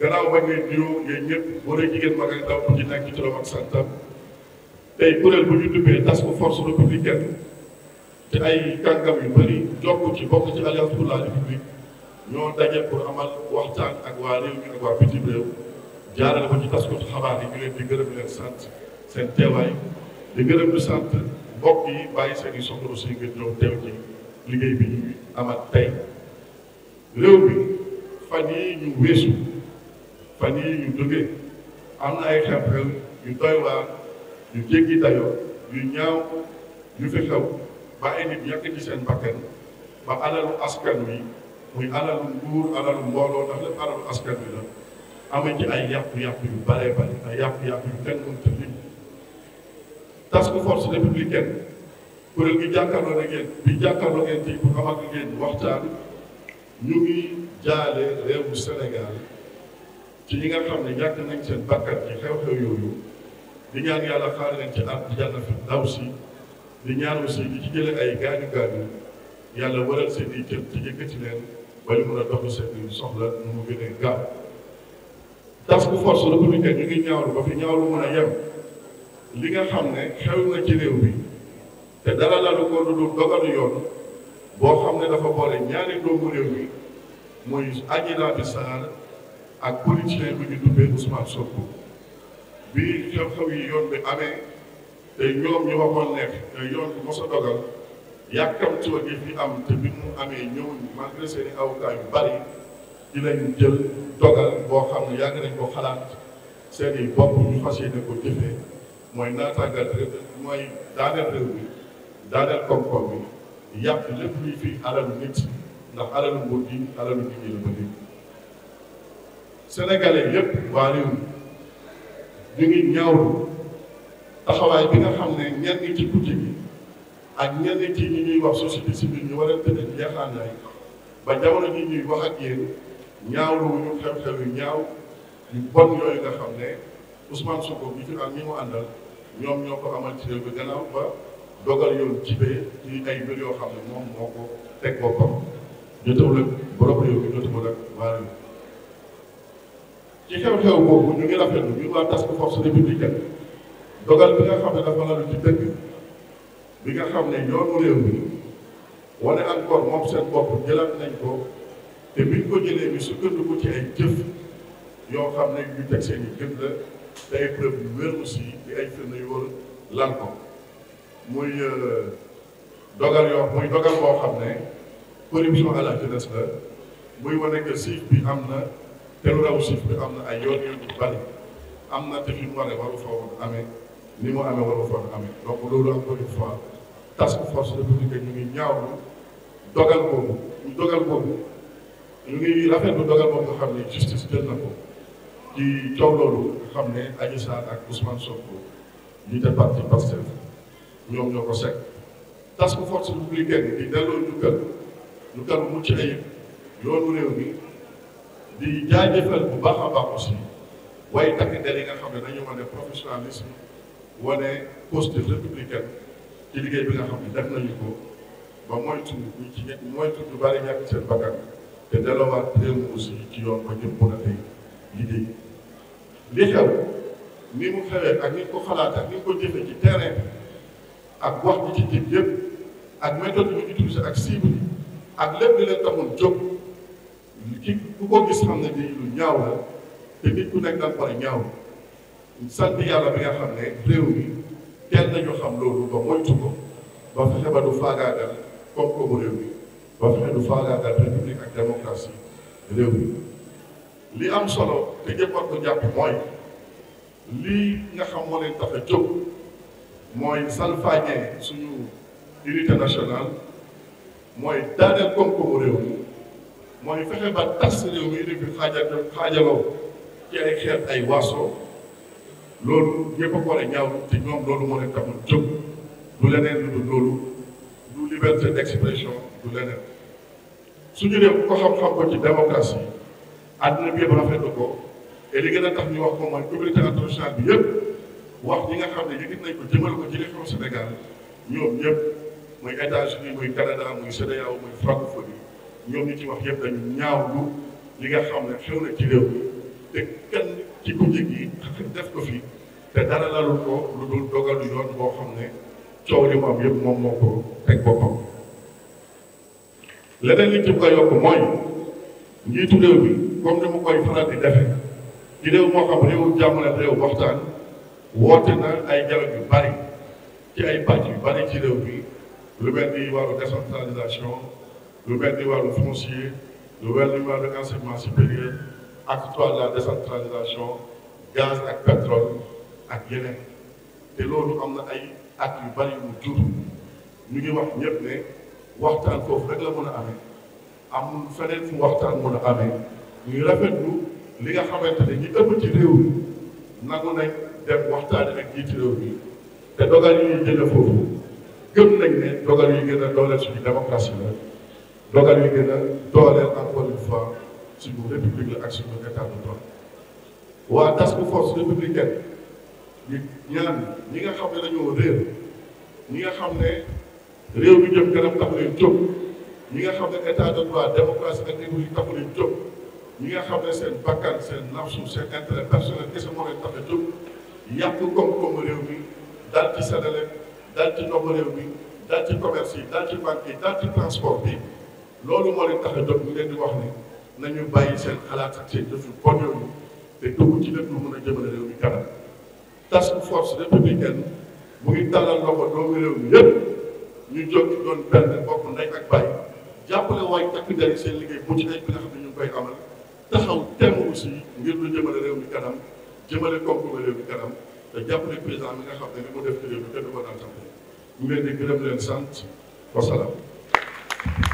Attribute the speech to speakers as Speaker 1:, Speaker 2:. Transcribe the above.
Speaker 1: gannaaw bañ leen nuyoo yéen ñëpp wala jigéen mag ak ndaw bu ci nekk ak santam tey kuréel bu ñu dubbee tas ko force républicaine te ay kàngam yu bëri jokk ci bokk ci alliance pour la république ñoo daje pour amal waxtaan ak waa réew mi ak waa bitim réew jaarale ko ci tas ko xabaar yi ñu leen di gërëm leen sant seen teewaay di gërëm di sant mbokk yi bàyyi seen i soxla aussi ngeen ñëw teew ci liggéey bi ñu amat tey réew bi fan yii ñu weesu fan yii ñu jógee am na ay xew-xew yu doy waar yu jéggi dayoo yu ñaaw yu fi xew ba ay nit ñàkk ci seen bakkan ba alalu askan wi muy alalu nguur alalu mbooloo ndax lépp alalu askan wi la amee ci ay yàqu-yàqu yu bare bari ay yàqu-yàqu yu kenn mënta lim task force républicaine kuréel gi jàkkaarloo na ngeen bi jàkkaarloo ngeen tey bu xam ak ngeen waxtaan ñu ngi jaale réewu Sénégal ci nga xam ne ñàkk nañ seen bakkan ci xew-xew yooyu di ñaan yàlla xaar leen ci am jànna fi daw si di ñaan aussi di ci jële ay gaañu gaañu yàlla waral seen i cër ci yëkkati leen ba ñu mën a dox seen soxla nu mu gën a gaaw task force républicaine ñu ngi ñaawlu ba fi ñaawlu mën a yem li nga xam ne xew na ci réew mi te dara lalu ko dul dogalu yoon boo xam ne dafa boole ñaari doomu réew mi muy Adjira bi Sarr ak politicien bi ñu dubbee Ousmane Sonko bi xew-xew yi yoon bi amee te yoon bi mos a dogal yàkkamti woon yi fi am te bi mu amee ñëw malgré seen i bari dinañ jël dogal boo xam ne yàgg nañ ko xalaat seen i bopp ñu fas yéene ko jëfee mooy naataagal mooy daaneel réew mi. daaneel koom-koom bi yàq lépp luy fi alalu nit ndax alalu nguur gi alalu nit ñi la ba léegi sénégalais yépp waa réew ñu ngi ñaawlu taxawaay bi nga xam ne ñenn ci guddi gi ak ñenn ci ñi ñuy wax société civile ñu war a tëdd jeexaanaay ba jamono ji ñuy wax ak yéen ñaawlu wu ñu xew-xew yu ñaaw yu bon yooyu nga xam ne Ousmane Sonko bi fi am ñi mu àndal ñoom ñoo ko amal ci réew bi gannaaw ba dogal yoon jibee ci ay mbir yoo xam ne moom moo ko teg boppam jotewul ak borom réew mi jotewul ak waa ci xew-xew boobu ñu ngi rafetlu ñu waa task force républicaine dogal bi nga xam ne dafa lalu ci dëkk bi nga xam ne yoonu réew mi wane encore moom seen bopp jëlaat nañ ko te biñ ko jëlee bi sukkandiku ci ay jëf yoo xam ne ñu teg seen i gën la te ay preuve yu wér aussi di ay firnde yu wër lan ko Euh, muy dogal yoo xam ne contribution à la jeunesse la muy wane siif bi am na te lu siif bi am na ay yoon yu bari am na te fi mu waree waru fa woon amee ni mu amee waru fa woon amee donc loolu encore une fois task force républicaine ñu ngi ñaaw dogal boobu ñu dogal boobu ñu ngi rafetlu dogal boobu nga xam ne justice jël na ko ci coow loolu xam ne Adji Sarr ak Ousmane Sonko ñu te parti Pastef ñoom ñoo ko sekk task force républicaine yi di delloo njukkal njukkal bu mucc yoonu réew mi di jaajëfal bu baax a baax aussi waaye takk der yi nga xam ne dañu wane professionnalisme wane posture républicaine ci liggéey bi nga xam ne def nañu ko ba moytu ñu ci ñett moytu ñu bari seen bakkan te delloowaat réew mi aussi ci yoon ba ñëpp mën a tey liggéey li xew ni mu xewee ak ni ko xalaat ak ni ko jëfee ci terrain ak wax bi ci jib yëpp ak méthode yi ñu utilisé ak cible yi ak lépp leen taxoon jóg ki ku ko gis xam ne ni lu ñaaw la te nit ku nekk daan pare ñaaw sant yàlla bi nga xam ne réew mi teel nañu xam loolu ba moytu ko ba fexe ba du faagaagal koom-koomu réew mi ba fexe du faagaagal république ak démocratie réew mi li am solo te ñëpp war ko jàpp mooy lii nga xam moo leen tax a jóg mooy salfaañee suñu unité nationale mooy daaneel koom-koomu réew mooy fexe ba tas réew mi di xaajaloo ci ay xeet ay waaso loolu ñëpp a ko war a ñaawlu ñoom loolu moo leen taxul jóg du leneen lu dul liberté d'expression du leneen suñu réew ko xam-xam ko ci démocratie àddina bi yëpp rafetlu ko et li gën a ñu wax ko mooy communauté internationale bi yëpp. wax ñi nga xam ne yëgit nañ ko jëmal ko ci li xew Sénégal ñoom ñëpp muy États-Unis muy Canada muy CEDEAO muy francophonie ñoom ñu ci wax yëpp ñaaw ñaawlu li nga xam ne xew na ci réew mi te kenn ci ku gi def ko fi te dara lalul ko lu dul dogalu yoon boo xam ne coow li mu yëpp moom moo ko teg boppam leneen li ci bëgg a yokk mooy njiitu réew bi comme ni mu koy faral di defe ci réew moo xam réewu jàmm la réew waxtaan woote na ay dialogue yu bari ci ay pàcc yu bari ci réew bi lu mel ni wàllu décentralisation lu mel ni wàllu foncier lu mel ni wàllu enseignement supérieur acte trois de la décentralisation gaz ak pétrole ak yeneen te loolu am na ay at yu bari yu mu jur ñu ngi wax ñëpp ne waxtaan la mën a amee amul feneen fu waxtaan mën a amee ñuy rafetlu li nga xamante ne ñu ëpp ci réew mi nangu nañ dem waxtaan ak jiitu réew mi te dogal yi ñuy jëlee foofu gëm nañ dogal yi gën a dooleel suñu démocratie dogal yi gën a dooleel encore une fois suñu république la ak suñu état de droit waa task force républicaine ñu ñaan ñi nga xam ne dañoo réer ñi nga xam ne réew mi jëm kanam tax jóg ñi nga xam ne état de droit démocratie ak république tax leen jóg ñi nga xam ne seen bakkan seen nafsu seen intérêt personnel kese moo leen tax a yàq koom-koomu réew mi daal ci Senelec daal ci ndoxu réew mi daal ci commerce yi daal ci banque yi daal ci transport bi loolu moo leen tax a jot leen di wax ne nañu bàyyi seen xalaat ak seen jëfu bon yooyu te dugg ci lépp lu mën a jëmale réew mi kanam task force républicaine mu ngi tàllal loxo doomu réew mi yëpp ñu jóg doon benn bokk ndey ak bàyyi jàppale waaye takk der seen liggéey bu ci ay bi nga xam ne koy amal taxaw temm aussi ngir lu jëmale réew mi jëmale koom-koomu réew mi kanam te jàppale président mi nga xam mu def ci réew mi kenn leen di gërëm leen sant wasalaam